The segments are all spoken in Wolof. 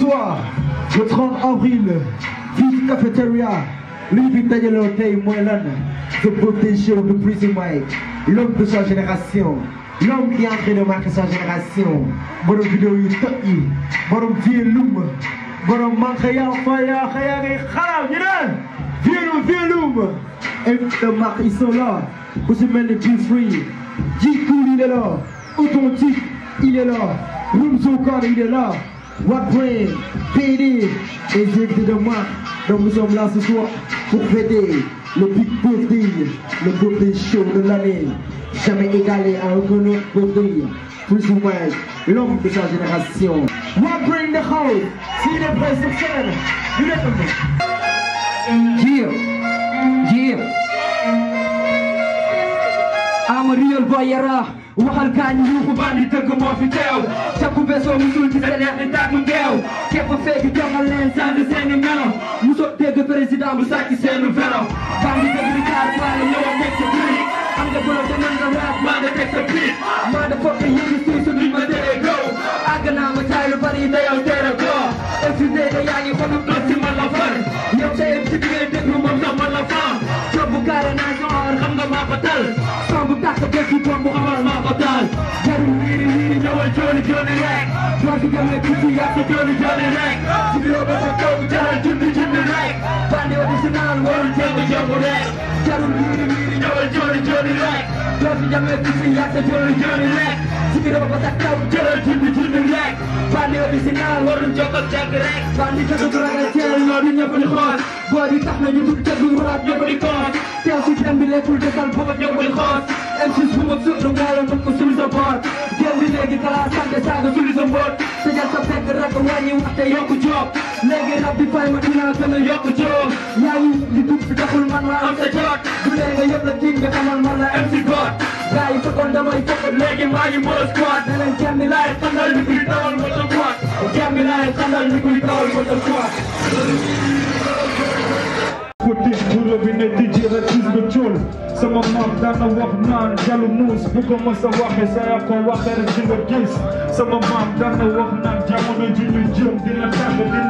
soir, le 30 avril, Vive Cafeteria, de Daniel Otey Moellon, le protégé de Prison l'homme de sa génération, l'homme qui est en train de marquer sa génération, bonne Vidéo Yutoki, Borom Lum, Borom Mankaya Faya Khayari Kharam, Yedan, Vieloum et de marque, ils sont là, pour se mettre les free, Jikou, il est là, Authentique il est là, Rumzo il est là, What Brain, PD et moi, donc nous sommes là ce soir pour fêter le Big Birthday, le Birthday Show de l'année, jamais égalé à aucun autre Birthday, plus ou moins l'homme de sa génération. What bring the House, c'est est prêt sur scène, you let Yeah, yeah, I'm waxal kañ yuuxu bandi dëgg moo fi teew càkku besoo musul ci seen yàq tàkk ngeew képp fekk joxal leen sànni seeni melo musoo dégg président bu sàcc seeni vélo bandi dëgg di kaar faale ñëwoon nekk sa biir am nga bolo te nan nga raat maa nga teg sa biir maa da fokk yëngi suuf su duñ ma teree gow àgg naa ma taay lu bari te yow teere yaa ngi bi ngay déglu moom sax ma la faam jobu kaare naa xam nga maa ko 두번 모아만 막았단 다른 일이 일이 너와 저는 견해랭 저승경의 빛이 앞서 저는 견해랭 지금 어버서 떠고 잘 준비 잘 rek bandi original warul jéngu jéngu rek jarul wiiri wiiri ñëwal jooni jooni rek doo fi jamee gisi yaasa jooni jooni rek sikiroo ko sa kaw jëlal jindi jindi rek bandi original warul jokk ak jag rek bandi jëkk ragal jeel loo di ñëpp di xool boo di tax na ñu tudd dëgg waraat ñëpp di koos teew si dem bi lekkul desal booba ñëpp di xoos MC suma sunu ngaala nag ko sul sa boor jël di léegi kala sànq saaga suli sa mboot te jal sa fekk rek wàññi waxte yokku joob léegi rab di fay ma dinaa gën a yokk ci yoon. yaa ngi li dugg fi taxul man ma am sa jot. bu dee nga yëpp la tiim nga xamal man la MC Bot. gars yi fekkoon damay fekk léegi maa ngi mën a squat. ne leen jàmmi laay xandal ñu koy tawal ma sa squat. jàmmi laay xandal ñu koy tawal ma sa squat. guddi guddo bi ne di ji ratis ba cool sama maam daan na wax naan jalu muus bu ko mës a waxe sa yaa ko waxe rek di nga gis sama maam daan na wax naan jamono ji ñu jëm dina tàng dina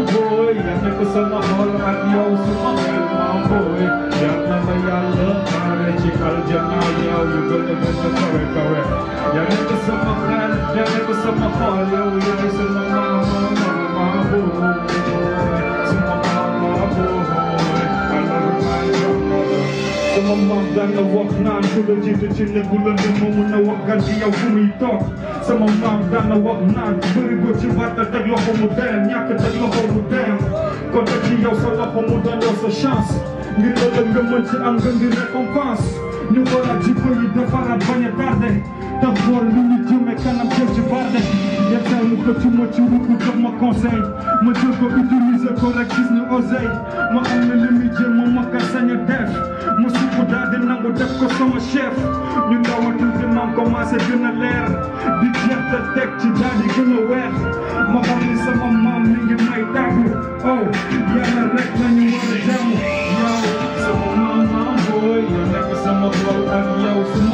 boy. I am for some of all of the old superman, my boy. Young y'all love how that you call it, young now, yo, go to the correct, correct. Y'all think for some of that, y'all think for some y'all think for some boy. sama maam daan na wax naan ku la jiitu ci néegu lëndëm moo mun a wax gan ci yow fu muy toog sama daan na wax naan bëri ko ci waat a teg loxo mu dee ñàkk teg loxo mu dee kon teg ci yow sa loxo mu delloo sa chance ngir ëllëg nga mën ci am nga ngir récompense ñu war a jikko yi defaraat bañ a tardé Dans le milieu, mais quand même que tu parles Y'a tellement que tu m'as tué, que comme mon conseil Mon Dieu, qu'on utilise correctis, nous oseille Moi, on est le milieu, mon manque à saigner def Mon souffre d'aide, n'a pas def, que son chef Nous l'avons tous de m'en commencer, je ne l'air Dit j'ai ta tech, tu t'as dit que nous l'air Moi, on est sa maman, mais il m'a Oh, y'a la rec, là, nous on est down Yo, sa maman, boy, y'a la que sa maman, y'a la que sa maman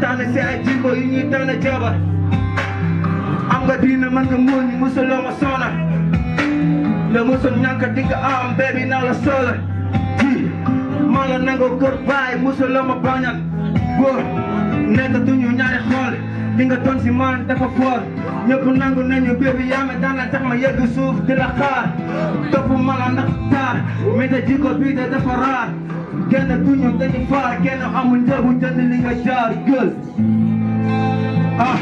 tànn si ay jikko yu ñuy tànn jabar am nga diina man nga muur ñi musuloo ma soona le musul ñàkk di nga am beebi naa la soola ji maa la nangoo góor baay musuloo ma bañal góor nekk duñu ñaari xool li nga doon si man dafa foor ñëpp nangu nañu bébi yaa ma daana tax ma yegg suuf di la xaar topp ma la ndax taar mais te jikko bii te dafa raar كان الدنيا مدني فار كان عم نداو تن اللي قشار قل اه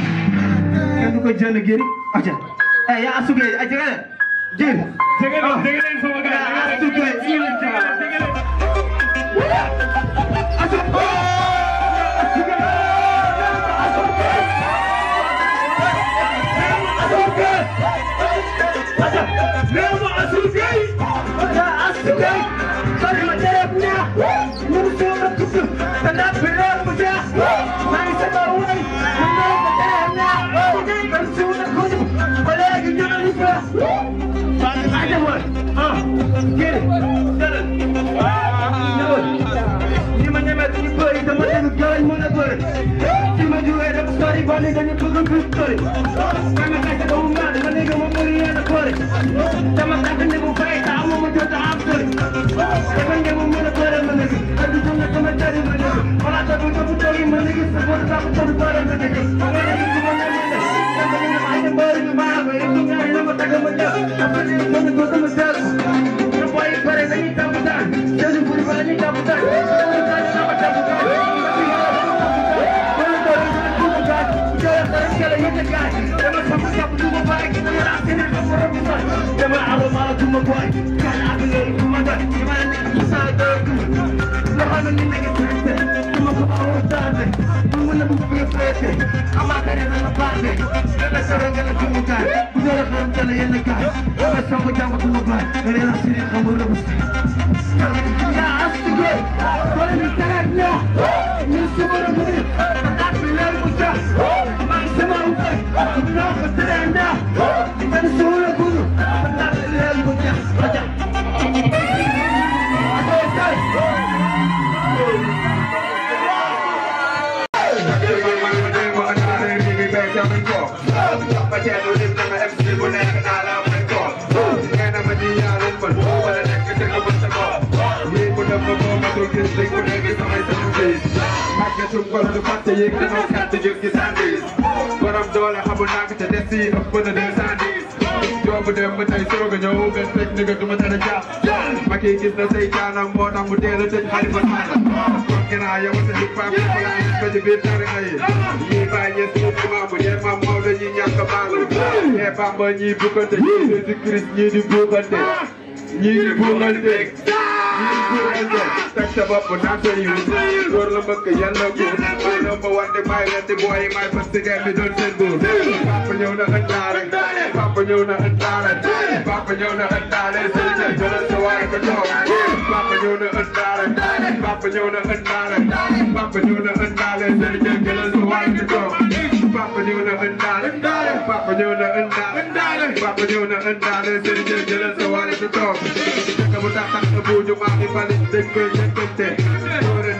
كان دوك كجانا جيري اجا اي يا اسوق اجا إيه، جير آه. جير جير فوق يا bani dañu bëgg bu sori sama kay ta doum na dama nega mo muri ya kore sama kay ne mo fay ta mo mo jota am sori sama nge mo mo kore ma negi adu sama tari ma negi wala ta bu bu tari ma negi sa bu ta bu tari ma negi my boy kana abulai kuma da kuma ne isa da kuma la hana ni ne kete kuma my awta ne kuma na bu bi fete amma kare na na bande da saranga na kuma ka kuma na kan tana yana ka kuma san ku jama kuma ba kare na sirri kamar da musu ya astige ko ni taranya ni subara Te yëg dama kat te jóg ci sandis borom doole xamul naa ko te des yi ëpp na deux cent dix joobu dem ba tey soog a ñëw benn fekk ni nga duma tere jàpp ma kii gis na say kaanam moo tax mu teel a tëj xalifa tànn kon ginnaaw yow sa di pam wala ñu ko ci biir tarixa yi ñii bàyyi ñes ñu ci maamu ñee maam Maodo ñii ñàkk maalu ñee Bamba ñii bukkante ñii di Christ ñii di buukante ñii di buukante sa bopp naan sa yu góor la mbëkk yan la góor maa ñëw ma wante maay lente booy yi maay fas tigay bi doon seen góor papa ñëw na ëtt naa rek papa ñëw na ëtt naa rek papa ñëw na ëtt naa rek sëñ bi jëlal sa waay ko toog papa ñëw na ëtt naa rek papa ñëw na ëtt naa rek papa ñëw na ëtt naa rek sëñ bi jëlal sa waay ko toog papa ñëw na ëtt naa rek papa ñëw na ëtt naa rek papa ñëw na ëtt naa rek sëñ bi jëlal sa waay ko toog bu tax tax bu ñu maa ngi bali dégg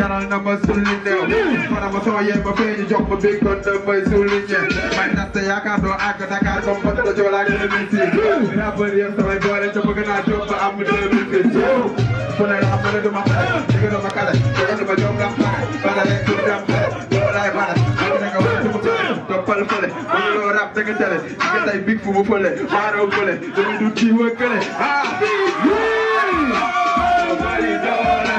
general numbers suuliñ new ma dama sama yey ba feeñu jox ma big gun i suuliñ ñe may natt yaakaar doo àgg Dakar comme pat da joolaa gën a mi si rappeur yëpp samay boole ca bëgg naa jóg i am deux mille dix ku ne xam ne duma xale dëgg dama i am dama jom dam xale bala rek pour dam xale loolu laay bala dama nekk wala suma xale toppal fële wala loo rap dëgg tele dëgg tey big fu mu fële waaroo fële dama du kii wa kële ah hmm. big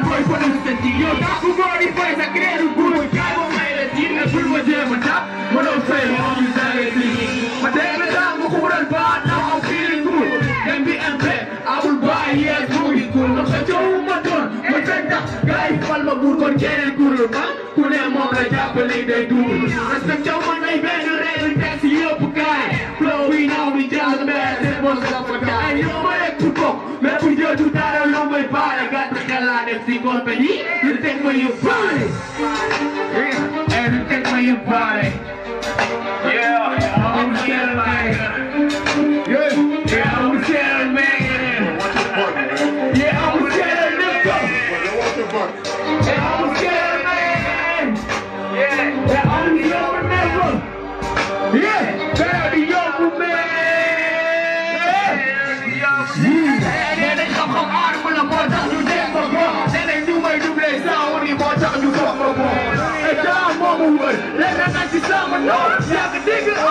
boy put us to D. Yo, Doc, who brought these boys? I get it, who I God won't let it D. That's what we're doing, but Doc, what I'm saying, all you say is D. But then the time we put us bad, now I'm feeling good. Then be and pay, I will buy here, through the cool. Look at your woman, don't. But then that guy, Palma, good, got Jerry, good, man. Who them mom, like, I believe they do. Respect your man, I bet you ready, that's your guy. Flowing out, we a mad, that was up for guy. And you know, my neck to fuck. Let me do that, I love my body, got God if you gonna you take with your body. Yeah, everything with your body. nigga.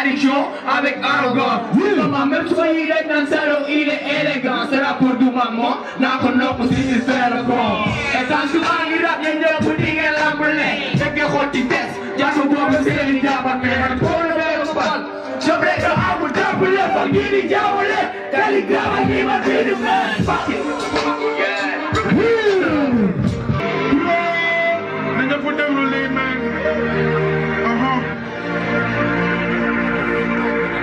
contradiction avec arrogance. maman même su ma yii rek naan Saloum il est élégant c'est rapport du maman naa ko nopp si si seen kaw. et tant que maa ngi rab ñun ñëpp di ngeen lambale. fekke xool ci des jaaxal boobu seen i jàmbat mais man pour le même bal. jëmale ko amul jàppale fa kii di jaawale. tali gaaw a kii ma kii di mel. parce que. na ñëpp déglu lii mel.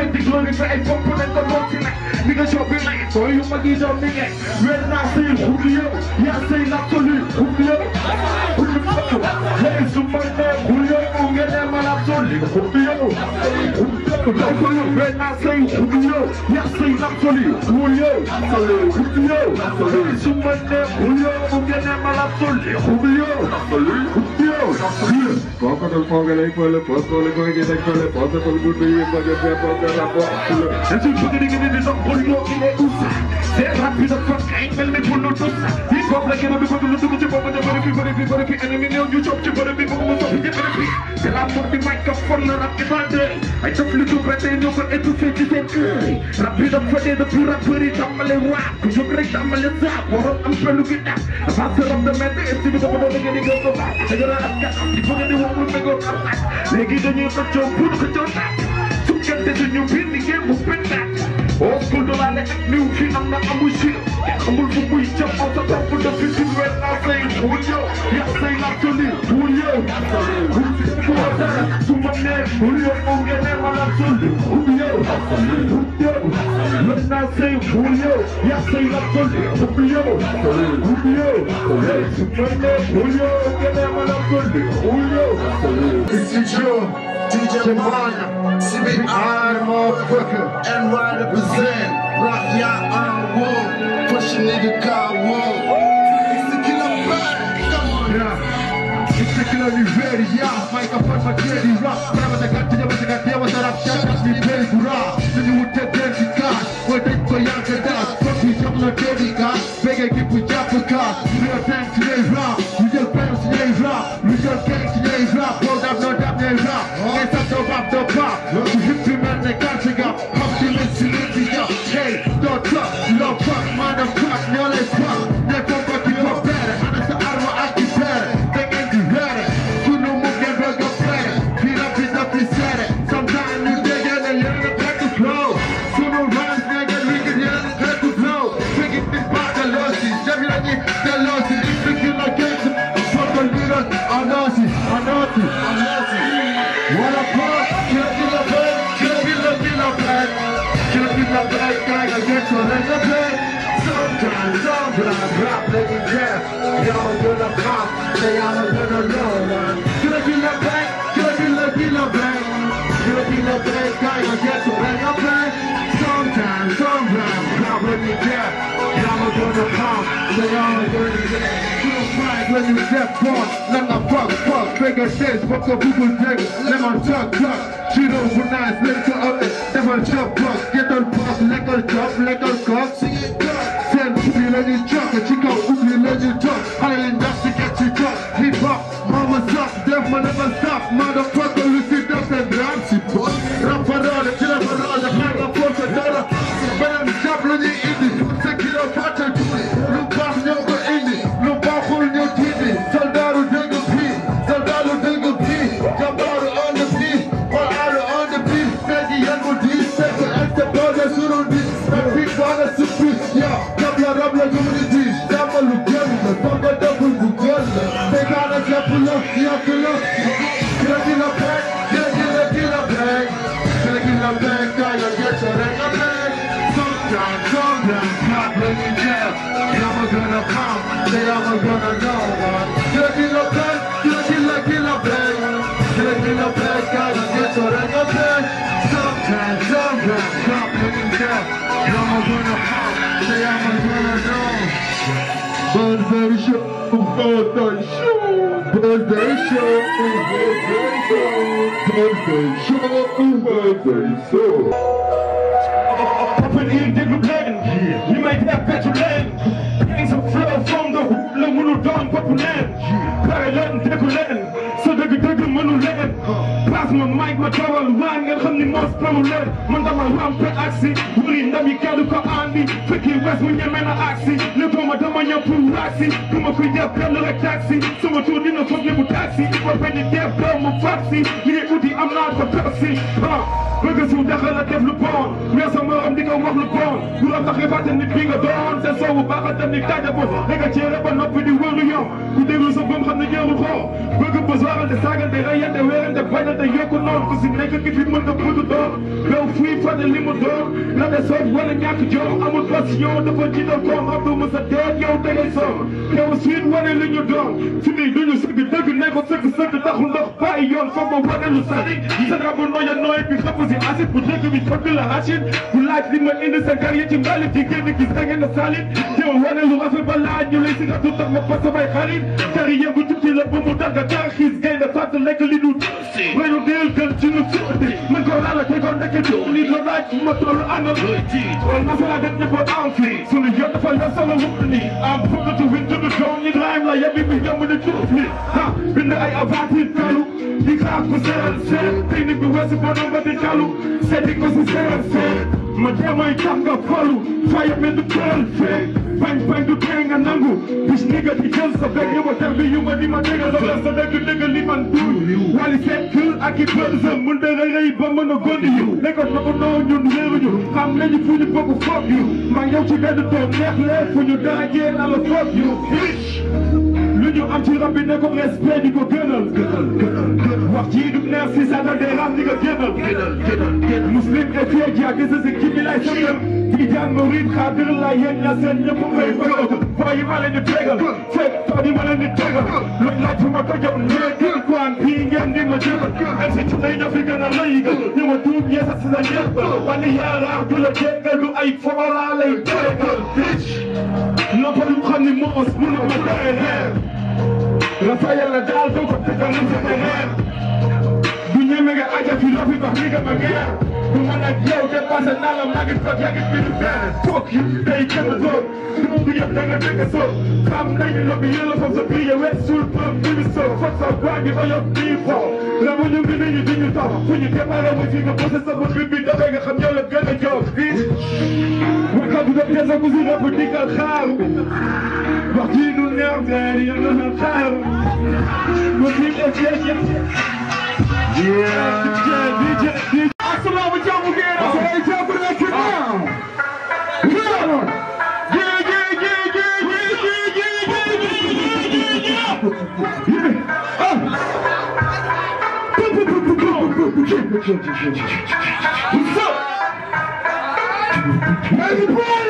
fake di glory sa ay bopp nañ moom ci nag ni nga jobi nag sooy yu mag yi job ni nga weer naa sëy xut yow yaa sëy l'absolu xut yow Manapsu, Jesu Mane, Julio Mungele Manapsu, Likupio, Dokulu Bena Sei, Julio, Yasei Napsuli, Julio, Julio, Jesu Mane, Julio Mungele Manapsu, Likupio, Julio, Pokal Pogalai Pole, Postole Koi Gedek Pole, Postole Pole Gudu, Pole Pole Pole Pole Pole, Jesu Chukiri Gini Nisam Julio Kine Usa, Serhat Bidak Frank Engel Me Pulu Tusa, Hip Hop Lekena Bipa Bilu Tukuche Papa Jabari Pipa Ripi Pari Pi Enemy yow ñu jóg ci bërëb bi bëgg mu toog jëkkërëb bi te la for bi microphone la rap bi bande ay def lu tuub rek ñoo ko étouffé ci seen kër rap bi dafa dee depuis rappeur yi tàmbale waat ku jóg rek tàmbale saab waroon am pelu gi dàq avance rap de maître et si bi dafa doon ngeen di gën ko baax te gën a askan di bëgg di wax lu méngoo am ak léegi dañuy xëccoo buut xëccoo naat sukkante suñu bind ngeen bu pennaat old school dolaale ak new fi am na amul si amul fu muy jëm aw sa topp dëkk red light thing, Julio. Yes, they like to live, Julio. To my name, Julio, oh, yeah, man, I love to live, Julio. Julio. When I say Julio, yes, they like to live, Julio. Julio. To my name, Julio, oh, yeah, man, I love to live, Julio. This is your DJ Levana, CBI motherfucker, and I represent, rock y'all on wood, Pushing a nigga car wood. Eller Nigeria Maika pata kredi rap Wanatakatia watakatia watarapshaka Nipeni kura Nini utendeka Weteko yanga das Kopi jamla dedika Bega kipu japuka Real thanks when the step on, let my fuck fuck, bigger shit, fuck the people dick, let my chuck chuck, she don't pronounce lick to up Let my chuck fuck, get her puck, like her jump, like her cock, sing it duck, send me let it chuck, a chica, oopie, let it chuck, never gonna know one. Killer, killer, pack, killer, killer, killer, pack. Killer, killer, pack, gotta get your head up back. Sometimes i stop looking back. Never gonna pop, say I'm gonna know. Birthday show, birthday show, birthday show, birthday show, birthday show, birthday show. Up in here, dig a plan. You might have petrol. Nen, Karelen, Dekulen, paas moom maay ma toogal waan ngeen xam ni moos pamu leer man dama rampe aksi wuri ndam yi kenn du ko andi fekki wes mu ñeme na aksi lépp ma dama ñëw pour aksi du ma ko jëf kenn rek taxi sama tuur dina foog ne bu taxi ba bañ a def doom mu faxi li ngay uti am naa ko taxi ah bëgg suuf dafa la def lu bon mais sa morom di ko wax a bon bu la taxee fàtte nit bi nga doon te soo bu baax a dem ni tàjja ko da nga cee ba noppi di wër lu yomb ku déglu sa bëm xam ne jëru xoo bëgg ba économique si nekk ki fi mën a bëgg door yow fuy fane li mu door la de soog wala ñàkk joor amul passion dafa jiital koom Abdou Moussa deet yow dangay soor yow suit wane li ñu door fi muy duñu sëgg dëgg ne ko sëgg sëgg taxul ndox bàyyi yoon foog ma wane lu sari sa rabu nooya nooy bi xëpp si acide bu dëgg bi fëgg la acide bu laaj li ma indi sa kar ya ci mbalit yi génn gis da ngeen a salit yow wane lu rafet ba laaj ñu lay si nga du tax ma pas samay xarit kari yëngu tuuti la ba mu dagga tar xiis gaynde fàtt lekk li du del kër ci nu ci man ko lala te ko nekk ci ni lo laaj ma tollu ana wal a sala det ne ko down fi sunu jot fa la sala wutni am fuga tu wintu du doon ni la yabi bi jamu de ci ni ha bind ay avati talu di ka ko seral seet te ni bi wasi bonam ba di talu seet si seral seet ma demay tax nga falu fire men du tëral fee bañ bañ du tee nga nangu bis ni nga di jël sa bëgg yow tax bi yu ma ma dégg sa sa dëgg dëgg li man duul wali kër ak i bërsëm mun da rëy ba mën a gondi yu ne a nako noo ñun réeruñu xam nañu fu ñu bëgg foog yu ma yow ci benn toog neex lee fu ñu darajee na la foog yu lu ñu am ci rab bi ne ko respect di ko gënal wax ci du neex si sa da dee rab di مسلم أتيج يا قزز الجميل أسلم تيجان مريض خاطر الله ينسل نبوي بروت فاي مالا نترغل سيك تاني مالا نترغل لن لا جمع كجم ليك كوان بين يندي مجرد أمسي تلين أفريقنا ليك يوم دوب يسس لنيك واني يا رعب لجيك لو أي فورا علي بيك بيش نبوي مخني مؤس من المتعلم رفايا لدالتو كنت تنمسك نام دنيا مجا أجا في رفي بحريقة مجا I'm like, yo, ¿qué pasa? Nada más que fuck, ya que estoy ustedes Fuck you, they can't look Şimdi yaptığına tek asıl Kamdayın lobi yılı fazla bir yere Sürpüm gibi sor Fasa bagi o yok değil for La bunun bir neyi dinli tam Kuyu kemara bu zinga Pasa sabır bir bir we bega Kam yolak gana yok hiç Makabıda piyasa muzina bu dik al khar Vakinu nerede yanına khar Mutlum esyek Yeah DJ DJ What's up? Where you from?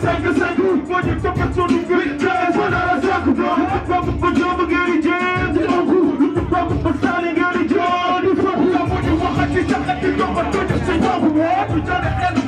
I'm Pode tocar só no grito É I'm razaca, bro Papo pra a Gary James Louco, papo pra Stalin, Gary Jones Tá muito morra, te saca, te toca a sem novo, é Tu já I'm no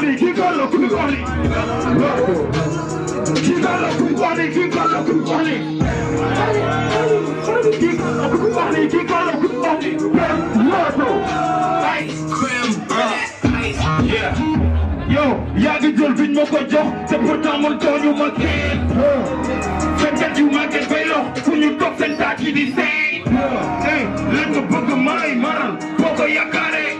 kwani, kikolo kuikwani, kikolo kuikwani, kikolo kuikwani, kikolo kuikwani, kikolo kuikwani, loco. Ice cream, ice, yeah. Yo, yàgg jël biñ ma ko jox, c'est pourtant man tooñu ma kenn. Fekkat yu màgget bay lox, fu ñu toog seen taat yi di seey. Hey, lan nga bëgg ma lay maral, boo ko yaakaaree.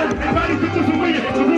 Everybody, put this away.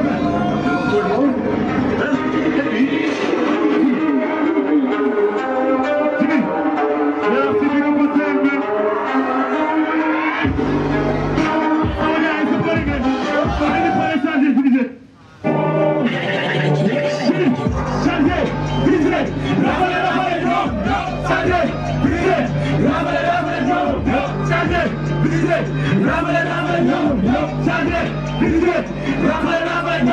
Listen, I'm going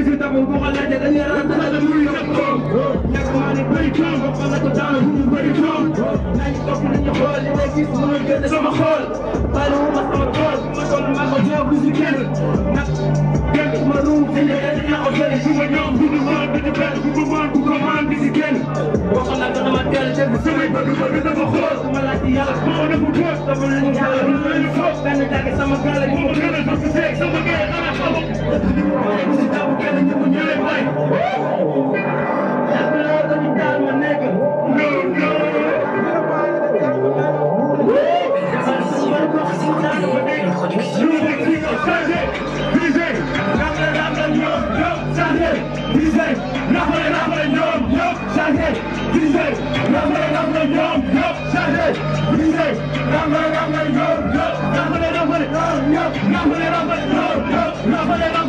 to go on like that. I'm going to go on somebody pretty come ba la ko daal bu mu bëri come na ñu topp ni ñu xool li may gis mooy gën sama xool balu ma sama tool ma toll ma ko jox bu si kenn nag kenn ma ruum si ne dañ na ko jël bu ma ñoom bu ma mën bu ma bel bu ma mën bu ma mën bi si kenn wax na ko dama teel te bu samay bëgg bëgg dama xool sama laaj yàlla moo ne bu toog sama lu ñu yàlla lu ñu foog benn dàgg sama gaale bu ma gënal parce que seeg sama gaale xanaa xamu si tabu kenn ñu ko ñëwee waay Number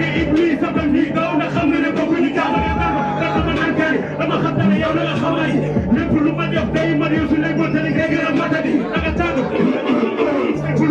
dégg Iblis sabal ñuy daw ndax xam na ne bokku ñu jàmbale ba nga xam ne man kay dama xam ne yow na nga xamay lépp lu ma def day man yow su nekkoon te ne ngay gën a matadi da nga tàng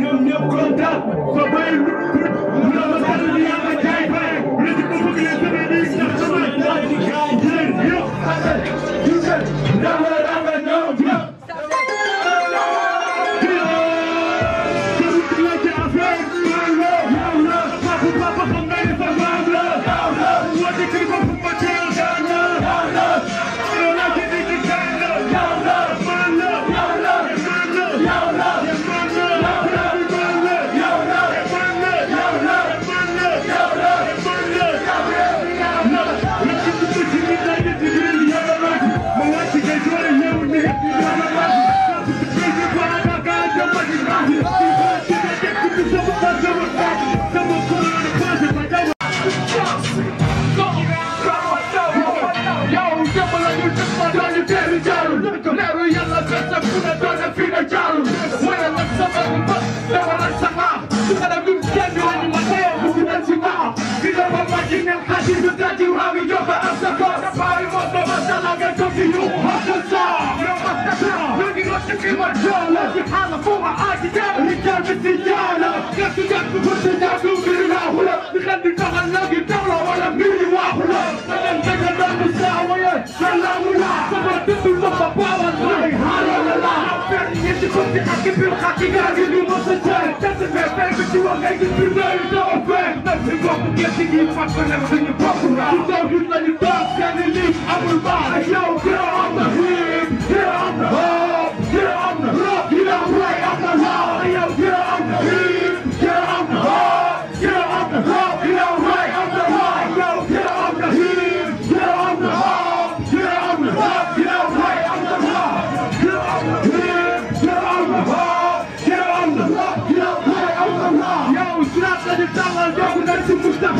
of contact, you. You gotta give me once a time That's a bad bag, but you are making me know you know I'm bad Nothing wrong with getting you fucked when everything you pop around You know you know you dog, can you leave? I'm a lie Yo, girl, I'm the real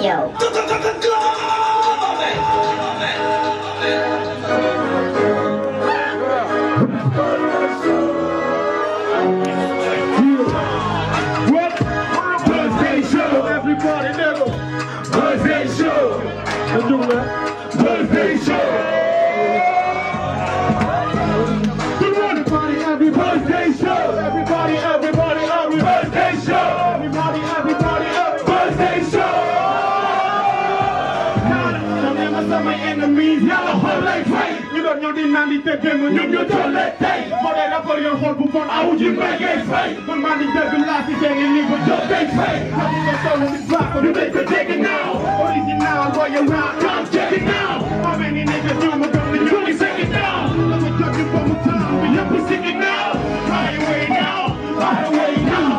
有。te démb ñoom ñoo tollee tey moo dee rapport yoon xool bu bon awu ji mbay ngay fay man maa ni dëgg laa si seen i livre jox ngay fay xam nga solo di baax du dañ ko dégg naaw original royal naa kaam jégg naaw amee ni nekk ñoom a gëm ni ñoo ni seen ginnaaw la ma jot di boobu taam bi yëpp si ginnaaw highway now highway now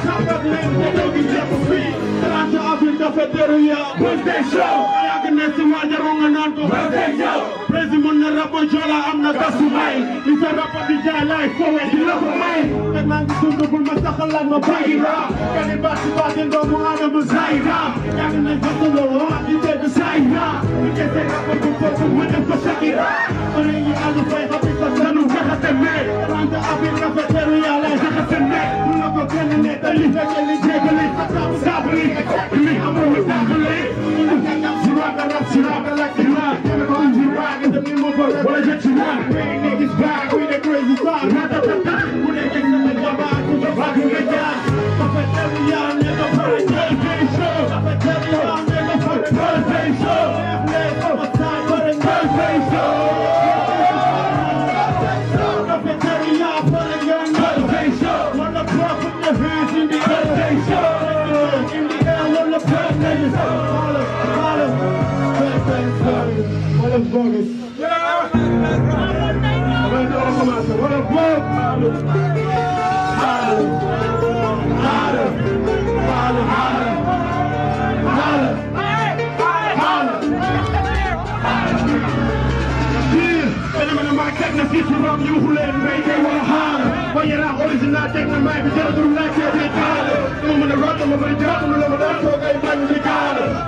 Kapag lang sa dogi jepo fi Taranta abil da federu ya Birthday show Ayaga nesi wajar wonga nanko Birthday show Prezi mun na rabo jola amna kasumay Isa rapa di jalay Fowe di lako may Naglang di sundu bul masakalan mabayra Kani basi batin do mu ana mazayra Yaga nesi katulu hoa ite bezayra Nikese rapa kukotu madem pasakira Orengi alu fay hapita sanu kahatemel Looking I'm you We niggas crazy we show. you who let me they wanna holler. Why you're not and not taking the mic, but you're through like you're big dollar. I'm gonna rock I'm gonna drop them, I'm gonna talk, I'm gonna be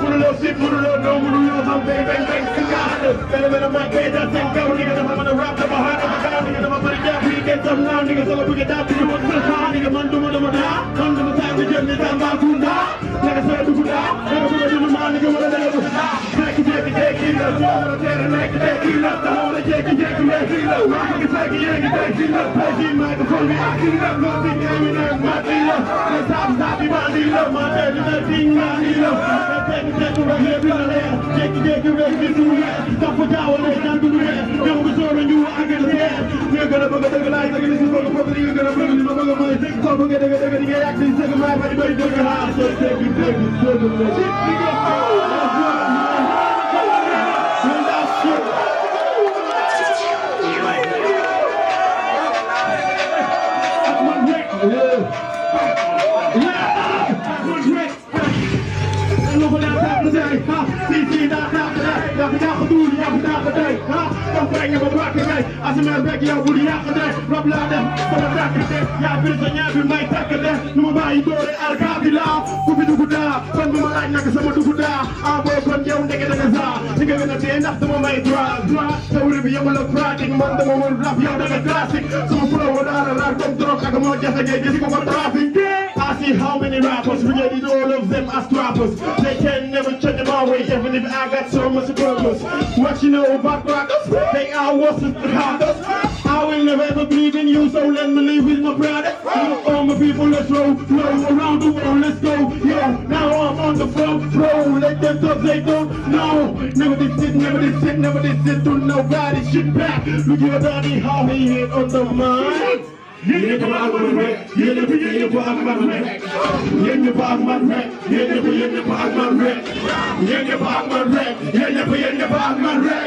Put a little shit, put a little no, put a little hump, bang, bang, bang, cicada. Better than my bed, I think I'm going I'm gonna rock them, I'm going I'm gonna put it we get some now, niggas, I'm gonna put it down, put it on the high, nigga, man, do what I'm come to the time, we just need to have my gunda. Like I said, do what I'm what I'm Jackie, Jackie, Jackie, love, mama, daddy, like the Jackie, love, the whole Jackie, Jackie, Jackie, love, mama, the Jackie, Jackie, Jackie, love, Jackie, microphone, me, I can love, love, big game, and I'm my dealer, you it, it, take am kàññi ba bàq ngay asimel beeg de ku fi dugg daa kon nag sama dugg daa ah kon yow ndeke da saa li nga gën a dee ndax dama may droit droit théorie bi yow la pratique man dama mën rap yow da nga classique sama flow daal la comme drogue ak moo jafe ngay gis ko ko trafic I see how many rappers related all of them as rappers. They can never check them my way, even if I got so much purpose. What you know about rockers? They are worse than hackers. I will never ever believe in you, so let me leave with my brother. All my people, let's roll, flow around the world, let's go. Yo, now I'm on the front row. Let them talk, they don't know. Never this shit, never this shit, never this shit through nobody. Shit back. Look at daddy how he hit on the mind. yéen ñëpp a ak man fe yéen ñëpp yéen ñëpp ak man fe yéen ñëpp ak man fe yéen ñëpp yéen ñëpp ak man fe yéen ñëpp ak man fe yéen ñëpp yéen ñëpp ak man fe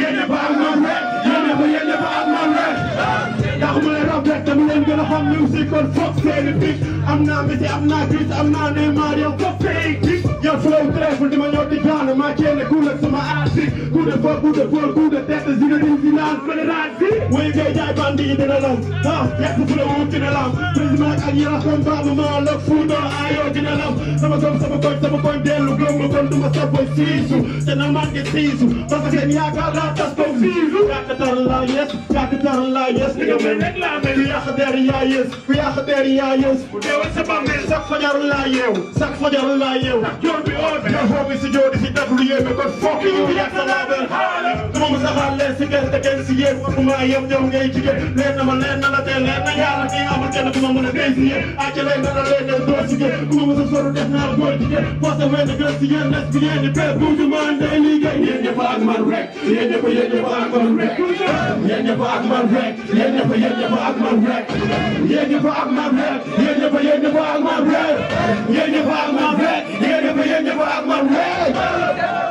yéen ñëpp ak man fe yéen ñëpp yéen ñëpp ak man fe taxuma la te lu leen gën a xam musique kon foog seeni pic am naa Messi am naa Chris am naa Neymar yow foog seeni pic yow flow trèfle di ma ñëw di jaan maa ceele ku nekk sama artiste coup de feu coup de foule coup de tête Zinedine Zidane fédéral bi way ngay jaay bandi yi dina law ah yàq fu la wut dina law président ak ak yéen a xam baax ma ma loog fuutoo aayoo dina law sama gom sama koñ sama koñ ma kon duma saboy siisu te na màgge siisu parce que seen yaakaar laa tas ko fiisu yàqtar laa yes yàqtar laa yes li nga mel rek laa mel ku yàq der yaa yes ku yàq der yaa yes deewal sa bàmmeel sax fajar laa yeew sax fajar laa yeew joor bi oote nga xoobi si joor di si def lu yéeme kon fokk ñu yàq laa benn xaalis duma mu saxaar leen si kenn te kenn si yéen maa yem yow ngay jigéen leen na ma leen na la tee leen na yàlla kii amul kenn ku ma mën a déy si yéen acca lay na la leen doo si ku ma mos a soru def naa góor jigéen forcé may na gën si jigéen nag jigéen ñi pexe bu ñu mën day liggéey yéen ñëpp ak man rek yéen ñëpp yéen ñëpp ak man rek yéen ñëpp ak man rek yéen ñëpp yéen ñëpp ak man rek yéen ñëpp ak man rek yéen ñëpp yéen ñëpp ak man rek yéen ñëpp ak man rek yéen ñëpp yéen ñëpp ak man rek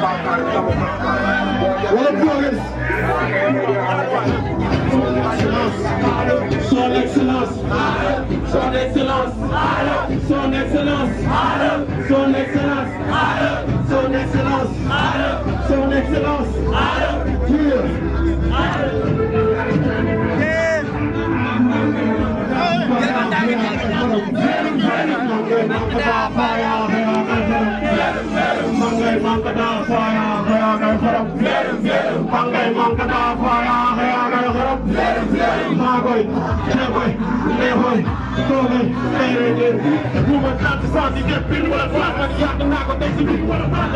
What a glorious! Son excellence! Son excellence, Adam. Son excellence, Adam. Son excellence, Adam. Son excellence, Adam. Son excellence, Adam. Yeah. Adam. Yeah. Yeah. Yeah. Yeah. Yeah. Yeah. Yeah. Sangay mankata faya haya gal kharab Vlerim vlerim Sangay mankata faya haya gal kharab Vlerim vlerim Ha goy, ne goy, ne goy So goy, tere dir Woman can't decide to get bit with a flat Man yak and nago they see big with a flat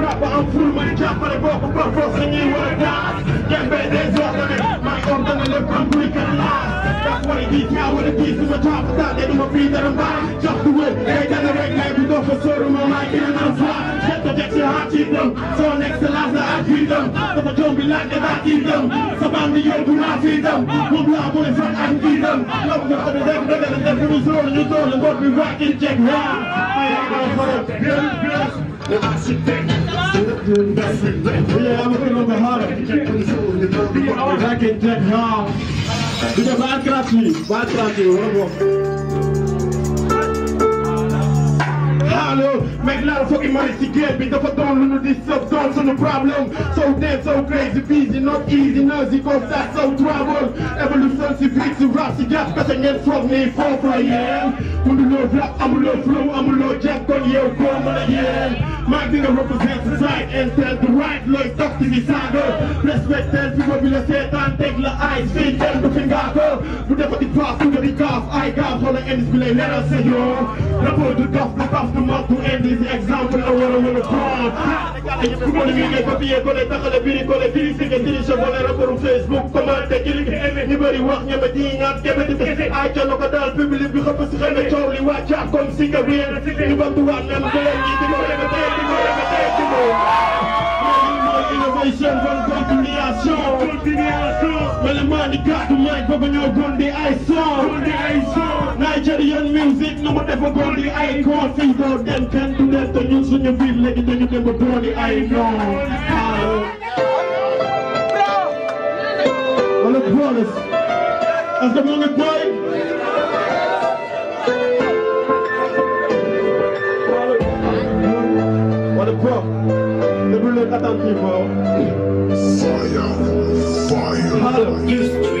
rap but full money cap But I broke with blood crossing you with a dance Get bad days off of My own done and from Greek and last That's what it is now with a piece of a top of that They don't feel that I'm bad Just do it, they generate Maybe go for certain, I'm like it and I'm flat Projection I keep them So next to last I keep them But I don't be like that I keep them So man the young do I see them Who blah boy front I keep them Love them to the devil Better the devil Throw the new door And what we rockin' check round I ain't gonna fuck Yes, yes لكن تنها بدأ بعد كراتي بعد كراتي وربو hollow Make a lot of fucking money so damn so crazy busy not easy noisy comme ça so trouble évolution si brique si rap si gas parce que ngeen foog nii foofu la the mënuloo rap amuloo flow amuloo jack kon yow koo mën a yeen maa ngi nga the society and tell the right looy toog ci di saaga respectel people bi la seetaan teg la ay fii kenn du fi ngaa ko bu defati paas ku nga di gaaf ay gaaf xoolal ends bi Let us say, yo, rapport du dof du dof document pour indice exemple la war a mën a prendre ku ko liggéey papier collé taxale biri collé critiqué dirigé collé rapportu Facebook commenté cliqué aimé ñu bëri wax ñebe ji ñaar ñebe di kese acca la ko daal public bi xëpp si xëy na coow li wàccaat comme si nga bien ñu bantuwaat nan ko leen ñi di ko répété di ko répété di Continuation, continuation. Well, the man got the mic, but when you're gone, the ice on. Nigerian music, no one ever gone the icon. Things out them can do that. The news when you feel like it, then you never the icon. Well, the brothers, as the money boy. bro, the brilliant, I bro. Fire. Fire. Fire. Fire.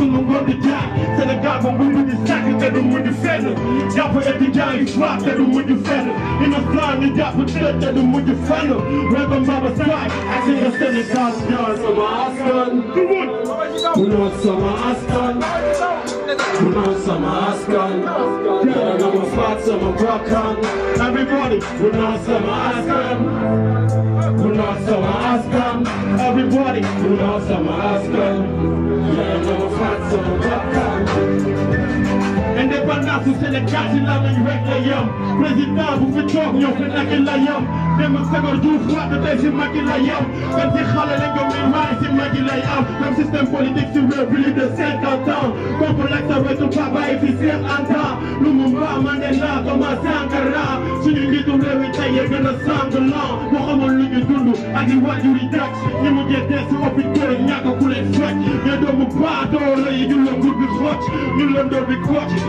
We're the job. Synagogue when we with the sackers, that do with the feather. Y'all put at the giant drop, that do with the feather. In the blind, they got with blood, that do with the feather. Reverend Mama Spike, I think I'm selling thousand dollars for my Oscar. We want some Oscar. We some Oscar. Yeah, I'm a spot, some Brockon. Everybody, we want some Oscar who knows some Oscar. Everybody who knows some Oscar. Yeah, no fat, so um. Indépendance ou Sénégal, c'est la même yam Président bu fi yam dem ak Senghor Diouf Wade yam kan si xale la nga may waaye si Macky lay de cinquante ans complexe avec le papa et Lumumba Mandela Thomas Sankara suñu njiitu réew yi tey yee gën a sanglant boo xamoon lu ñu dund ak i waajur yi daj ñi mu jee dee si hôpital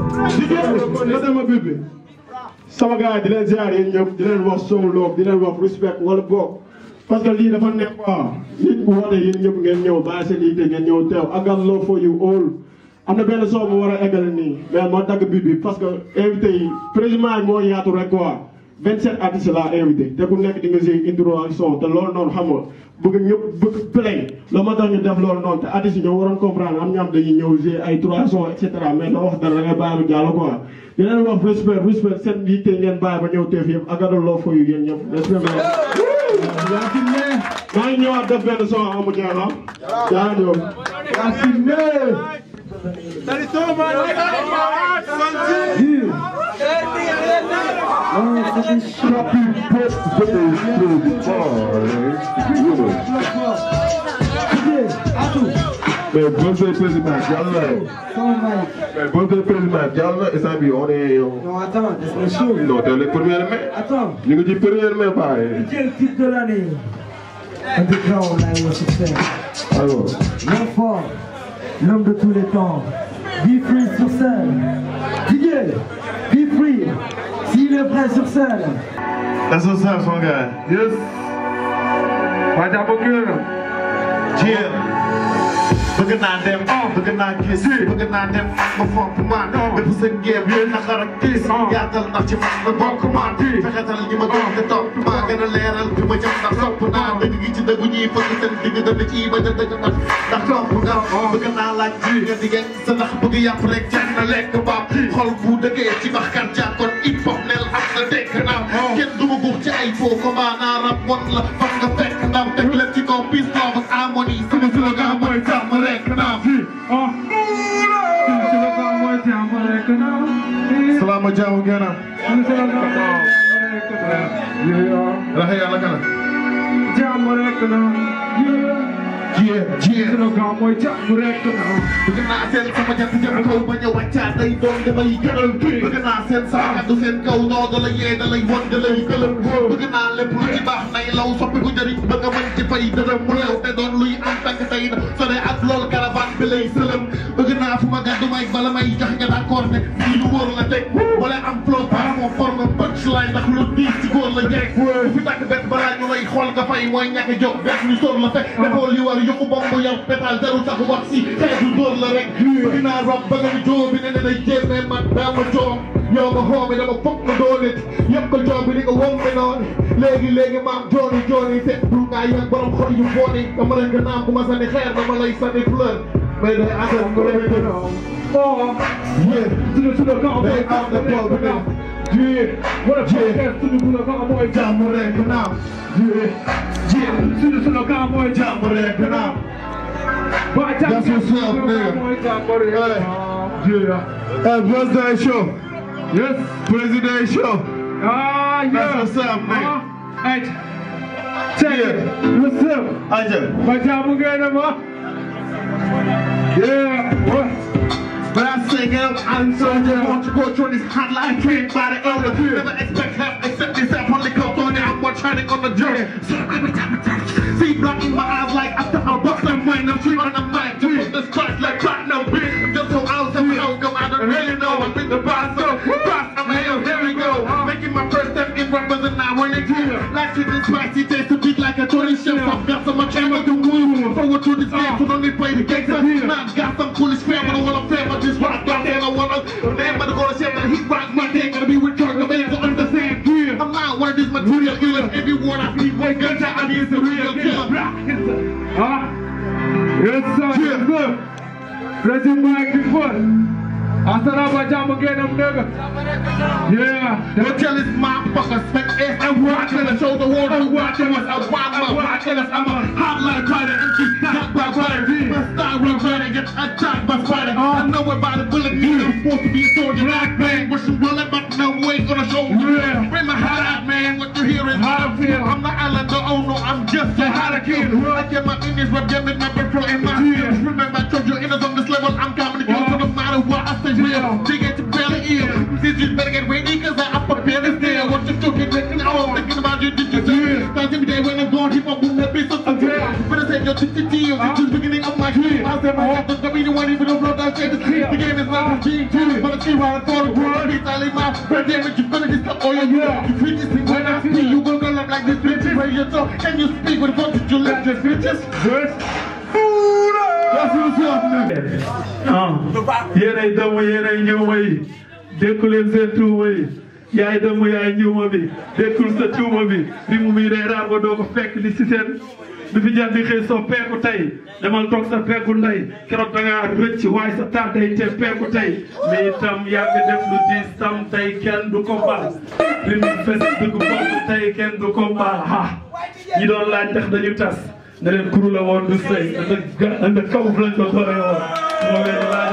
di ngeen ma dama bir bi sama gars di leen ziar yéen ñëpp di leen wax Sow Log di leen wax respect wala boog parce que lii dafa nekk quoi nit bu woote yéen ñëpp ngeen ñëw bàyyi seen yitte ngeen ñëw teew agal loo for you all am na benn soo bu war a eggale nii mais moo dagg bir bi parce que invité yi président moo yaatu rek quoi 27 artistes la invité té ku nek di nga jey intro ak son té lool non xam nga bëgg ñëpp bëgg play lo ma tax ñu def lool non té artistes ñu waron comprendre am ñam dañuy ñëw jey ay 300 et cetera mais do wax dara nga baaru jallo quoi di leen wax respect respect sen bi té ngeen baay ba ñëw teef yëpp ak lo fo yu yeen ñëpp respect Salut tout le monde, Mais bonjour président Gallo. Mais bonjour président Gallo, et ça on est. Non, attends, c'est chaud. Non, t'es le premier mai. Attends. Je dis premier mai, pareil. Le titre de l'année Underground, là, il succès. Alors. L'enfant, l'homme de tous les temps, Diffuse sur scène. Didier. Be free. See les frères sur scène. That's what's up, song guy. Yes. a down, Cheers. bëgg naa dem bëgg naa gis bëgg naa dem nga fopp maa def sa ngeem yéen naqar ak tiis yaatal ndax ci man la bokk maa di fexetal ñi ma gën te topp maa gën a leeral bi ma jëm ndax topp naa dëgg gi ci dëggu ñuy bëgg seen digg dama ci bañ a dëgg ndax ndax topp nga bëgg naa laaj ji nga dige sa ndax bëgg yàpp rek jar na lekk baab xol bu dëggee ci baxkan jàkkoon it fop nel am na dégg naa kenn du ma guux ci ay foo ko maa naa rab won la fam nga fekk ndam teg leen ci kaw peace love harmony sama slogan mooy que naa fii ah. ci la ko mooy jaamu rek naa. salaama jaamu ngeen am. raxe yàlla kana. jaamu rek naa. jiyee jiyee. la ko mooy jaamu rek naa. bëgg naa seen ba ñëw wàccaat day doon damay la yee da lay won da lay dërëm mu lew te doon luy am takk tey so ne ak loolu caravane bi lay sëlëm bëgg naa fu ma gàddu may bala may jox nga d'accord ne lii lu wóor la teg wala am flow par mon forme punch lay ndax lu diis ci góor la jeeg fi takk bet balaa ñu lay xool nga fay mooy ñàkk jóg bet ñu sóor la teg ah. defoo li war yokku bomb yow pétal daru sax wax si xeetu dóor la rek dinaa rob ba nga jóobi ne ne day jéemee man daa ma joom yow nga xoome dama foog nga doolit yëpp ko coow bi di nga wom mi noonu léegi léegi maam jooni jooni te du ngaa yëg borom xol yu fooni dama leen nga naam bu ma sànni xeer dama lay sànni fleur mais day àndal ko lay dëna oh yeah suñu suñu ko am day ànd ak xol bi naam jii wala jii suñu suñu ko am mooy jàmm rek naam jii jii suñu suñu ko am mooy jàmm rek naam That's what's up, nigga. Hey, yeah. hey, brother, show. Yes. Presidential. Ah, yes. That's what's up, man. Uh -huh. Check yeah. it. What's up? Ajay. But I'm gonna what? Yeah. What? But I sing out, I'm so I want you to go through this hotline trained by the elder. Yeah. Never expect help, except this I'm on on I'm more trying to go the journey. So every time I touch, see black in my eyes like after I bust them mind, I'm free on the mic. To put the scratch like platinum, am Just so out, so we all go out and really know I'm in the boss. So, rappers and I wanna grill. Life is this spicy, taste a beat like a Tony Chef. I've got some camera to move. Forward to this game, put uh. on only play the gangsta here. Now I've got some coolest fam, I wanna fam, I just rock, rock, and I wanna. Man, but I'm gonna say that he rock my day, gonna be with Kirk, the man, so understand. I'm not one of this material killer. Everyone I see, wake up, I need a real killer. Huh? Yes, sir. Yes, sir. Let's do my good Assalamu again, them nigga. Yeah. They'll tell this motherfucker smack ass. I'm watching us, show the world I'm watching us. I'm watching us. I'm a hot fighter, Carter, empty, not by Carter. My style run uh. Carter, get a job by Carter. I know about the bullet, me, I'm supposed to be a des bêtises. waaw yoo xam ne. ah yéenay doomu yéenay yi dékku leen seen tuuma yi yaay doomu yaay ñëwma bi dékkul sa tuuma bi bi mu muy day fekk li si seen. bi fi jar di peeku tey demal toog sa peeku ndey keroog da ngaa rëcc sa taar day te peeku tey mais itam yàgg def lu diis tam tey kenn du ko baal. li mu du ko baal ha. ñi doon laaj tax dañu tas ne leen kuru la woon du sëy anda kaw lañ ko doore woon moo leen laaj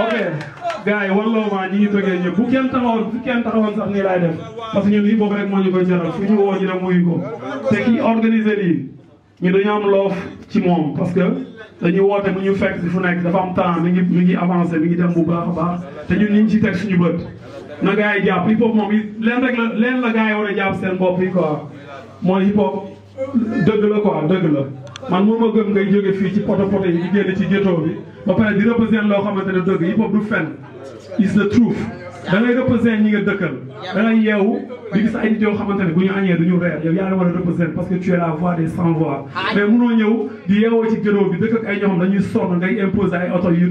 ok gars yi warloo maa ñi ngi bëggee ñëpp bu kenn taxawoon bu sax nii laay def parce que ñun lii boobu rek moo ñu koy jaral fu ñu woo ñu dem wuyu ko te kii organisé yi ñu dañu am loof ci moom parce que dañu woote mu ñu fekk si fu nekk dafa am temps mi ngi mi ngi avancé mi ngi dem bu baax a baax te ñun ñu ngi ci teg suñu bët na gars yi jàpp hip hop moom it leen rek la leen la war a jàpp seen bopp yi quoi mooy hip hop dëgg la quoi dëgg la man mënu ma gëm ngay jóge fii ci poto poto yi di génn ci ghetto bi ba pare di représenter loo xamante ne dëgg hip fen is the truth da ngay représenter ñi di gis ay nit yoo xamante ne bu ñu añee ñu reer yow war a représenter parce que tu es la voix des sans voix mais mënoo ñëw di yeewoo ci ghetto bi dëkk ak ay ñoom dañuy sonn ngay imposer ay oto yu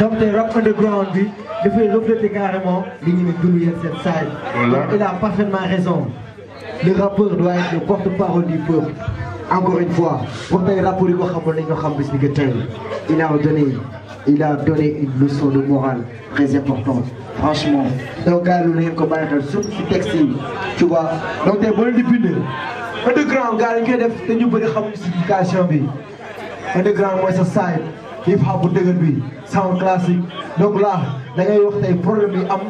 donc t'es rap underground il fait refléter carrément les ñu ne dund yéen il a parfaitement raison. le rappeur doit être le porte-parole du peuple. encore une fois pour t'es rap yi ko xamoon nañ xam bis ni il a donné il a donné une leçon de morale très importante franchement. donc gars nous lu ngeen ko bàyyi xel tu vois donc t'es bon depuis Le underground gars il est koy def te ñu bëri xamuñu signification bi underground moi, c'est ça hip hop bu dëgër bi sound classique donc là da ngay wax tey problème bi am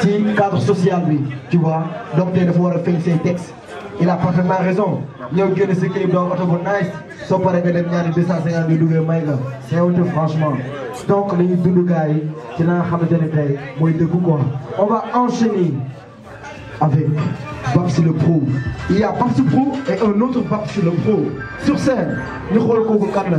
si cadre social bi tu vois donc tey dafa wara a feeñ say texte il a parfaitement raison ñeu génn ce clip donc auto bu nice so paré nga dem ñaari 250 nga duggee may nga seewte franchement donc li ñuy gaay gars yi ci la nga xamante ne tey quoi on va enchaîner avec Babs le Pro. Il y a Babs Pro et un autre Babs le Pro. Sur scène, nous retrouvons Kadla.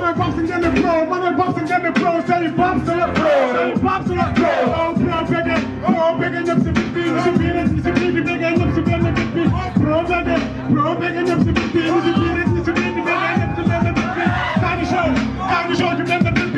pro. Man, pops and get me pro. Man, pops and get the pro. Say pops to the pro. Say pops to the pro. Oh, pro, bigger. Oh, bigger, yup, to be big. To be this, to be the bigger, yup, to be the big. Pro, bigger. Pro, bigger, yup, to be big. To be this, to be the bigger, yup, to be the big. Time to show. Time to show. You remember the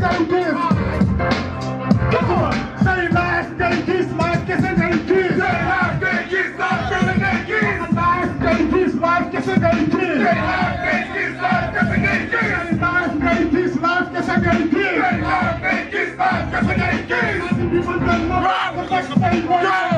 deli kiss. Come on. Say my ass deli kiss, my kiss, kissing deli kiss. Say my ass deli kiss, my ass kissing deli kiss. My ass deli kiss, my ass kissing kiss. Say my ass kiss, my ass kiss. Say my ass deli kiss, my ass kissing kiss. Say my ass deli kiss, my kiss. People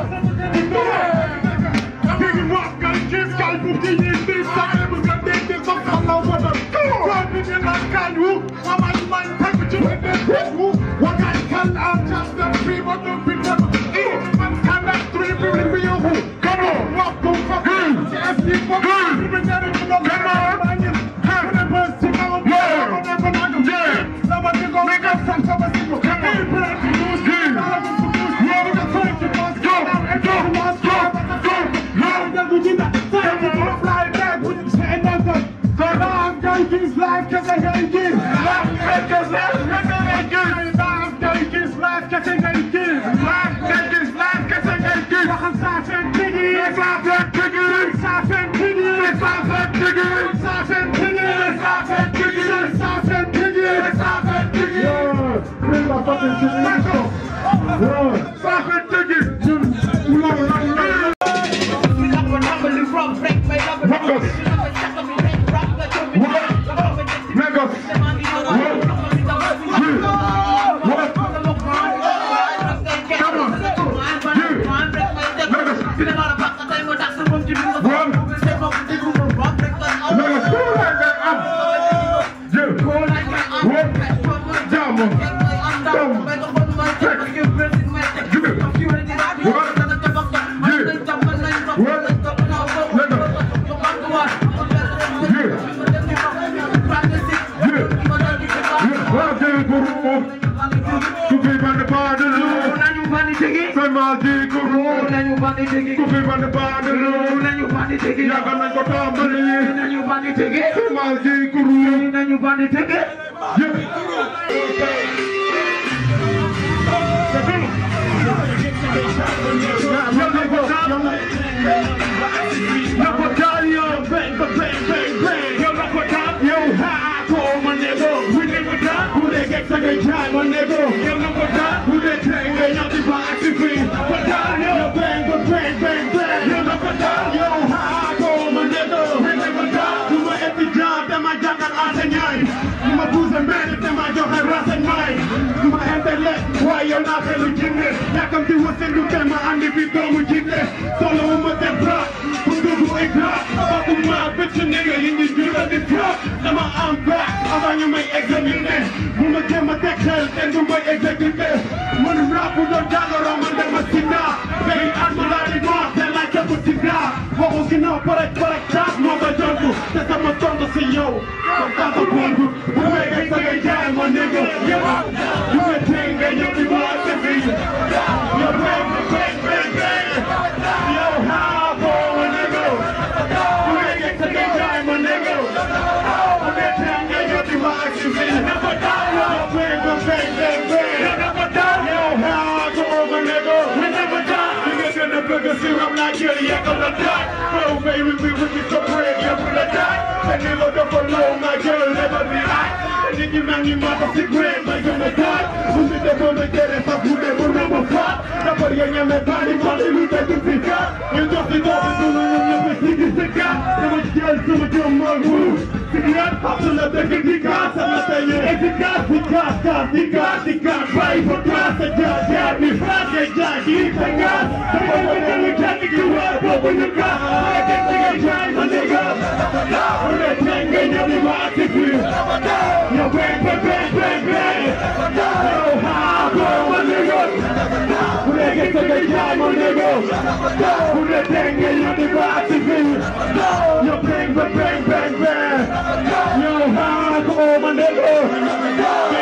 humanité de Dieu. niggas here, I'm not guilty, I going to die. Bro, baby, we with you to bread, you're gonna die. And you look up alone, my girl, never be high. And if you man, you mother, sick grand, my gonna die. Who's it that gonna get it, fuck who they will never pop. Na podjenia me pali, pali, luta, tu fika. You don't be talking to me, you're just a guy. So much girl, so much your mug, woo. Играть пацанът е кандидат за население. Е дикат, дикат, да, дикат, дикат. Прави потраса, да, да, ми фразя, да, и така. Трябва да ми чати кива, бобо нюка. Айде сега чай за нега. Оле, ченга, я ми мати кви. Я бе, бе, бе, бе, бе. Yo, how, go, my nigga niggas to the game on niggas Who the thing in your device is You bang, bang, bang, bang, bang You hard, come on my nigga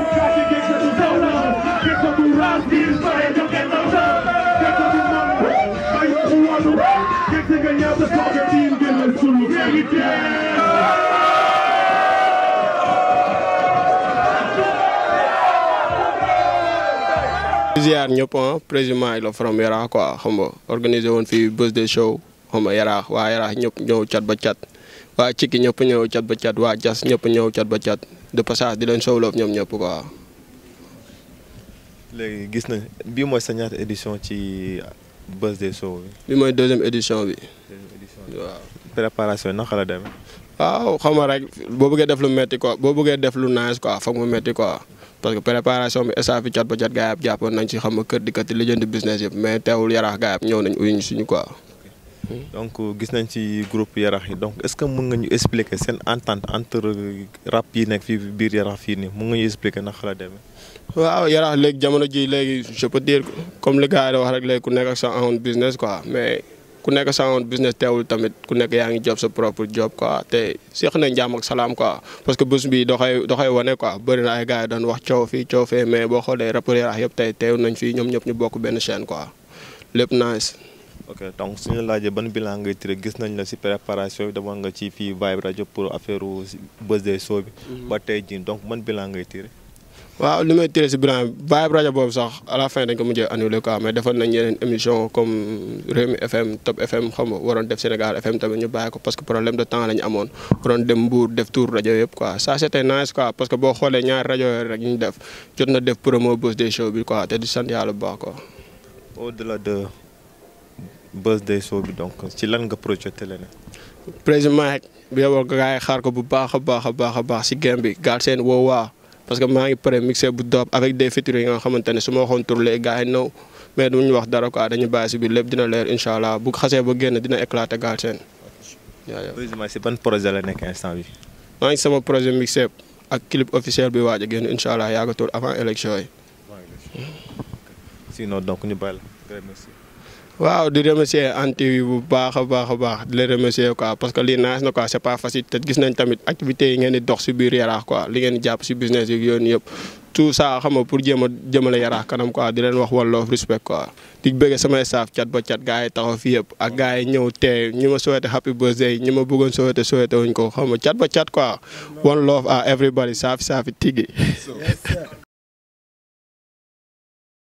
ziar ñëpp ah président yi la from yaraax quoi xam nga organisé woon fii bés de show xam nga yaraax waa yaraax ñëpp ñëw cat ba cat waa cikki ñëpp ñëw cat ba cat waa chat, ñëpp ñëw cat ba cat de passage di leen sowloof ñoom ñëpp quoi. léegi gis nañ bii mooy sa ñaata édition ci bés de show bi. bii mooy deuxième édition bi. deuxième édition bi préparation naka la demee. waaw xam nga rek boo bëggee def lu métti quoi boo bëggee def lu nice quoi foog mu métti quoi parce que préparation bi staff bi xam nga kër di kat li jënd business yëpp ci groupe yarax yi donc est-ce que mën nga ñu expliquer seen entente entre rap yi nekk fii fii nii mën nga ñu expliquer naka la demee. waaw yarax léegi jamono ji léegi je ku nekk sa own business quoi mais. ku nekk sa own business teewul tamit ku nekk yaa ngi job sa propre job quoi te seex nañ jàmm ak salaam quoi parce que bés bi doxay doxay wane quoi bëri na ay gars yi doon wax coow fi coow mais boo xoolee rappeurs yi yëpp tey teew nañ fi ñoom ñëpp ñu bokk benn chaîne quoi lépp nice. ok donc suñu laajo ban bilan ngay tiré gis nañ la si préparation bi demoon nga ci fii Vibe Radio pour affaire buzz des show bi. Mhm. ba tey jii donc man bilan ngay tiré. waaw li may tiré si Birame vibe rajo boobu sax à la fin dañ ko mujjee annulé quoi mais defoon nañ yeneen émission comme Rewmi FM Top FM xam nga waroon def Sénégal FM tamit ñu bàyyi ko parce que problème de temps la amoon waroon dem Mbour def tour rajo yëpp quoi ça c'était nice quoi parce que boo xoolee ñaari rajo yooyu rek ñu def jot na def promo buzz des bi quoi te di sant yàlla bu baax quoi. au-delà de buzz des show bi donc ci lan nga projeté leneen. président bi yow gars xaar ko bu baax a baax a baax a baax si game bi gaal seen woowaa. parce que maa ngi pare mixé bu doop avec des features yi nga xamante ne su ma waxoon tur léegi gars yi naw mais du ñu wax dara quoi dañu bàyyi si biir lépp dina leer incha allah bu xasee ba génn dina éclater Galsen. waaw si ban projet la nekk instant bi. maa ngi sama projet mixé ak clip officiel bi waaj a génn incha allah yaakatul avant élection yi. sinon donc ñu waaw di remercier anti yi bu baax a baax a baax di la remercier parce que lii naaj na quoi c'est pas facile te gis nañ tamit activités yi ngeen di dox si biir yaraax quoi li ngeen jàpp si business yi yoon yëpp tout ça xam nga pour jéem a jëmale yaraax kanam quoi di leen wax one love respect quoi. di bëgg samay saaf cat ba cat gars yi taxaw fii yëpp ak gars yi ñëw teew ñi ma souhaité happy birthday ñi ma bëggoon souhaité souhaité wuñ ko xam nga cat ba cat quoi one love à everybody saafi saafi tiggi.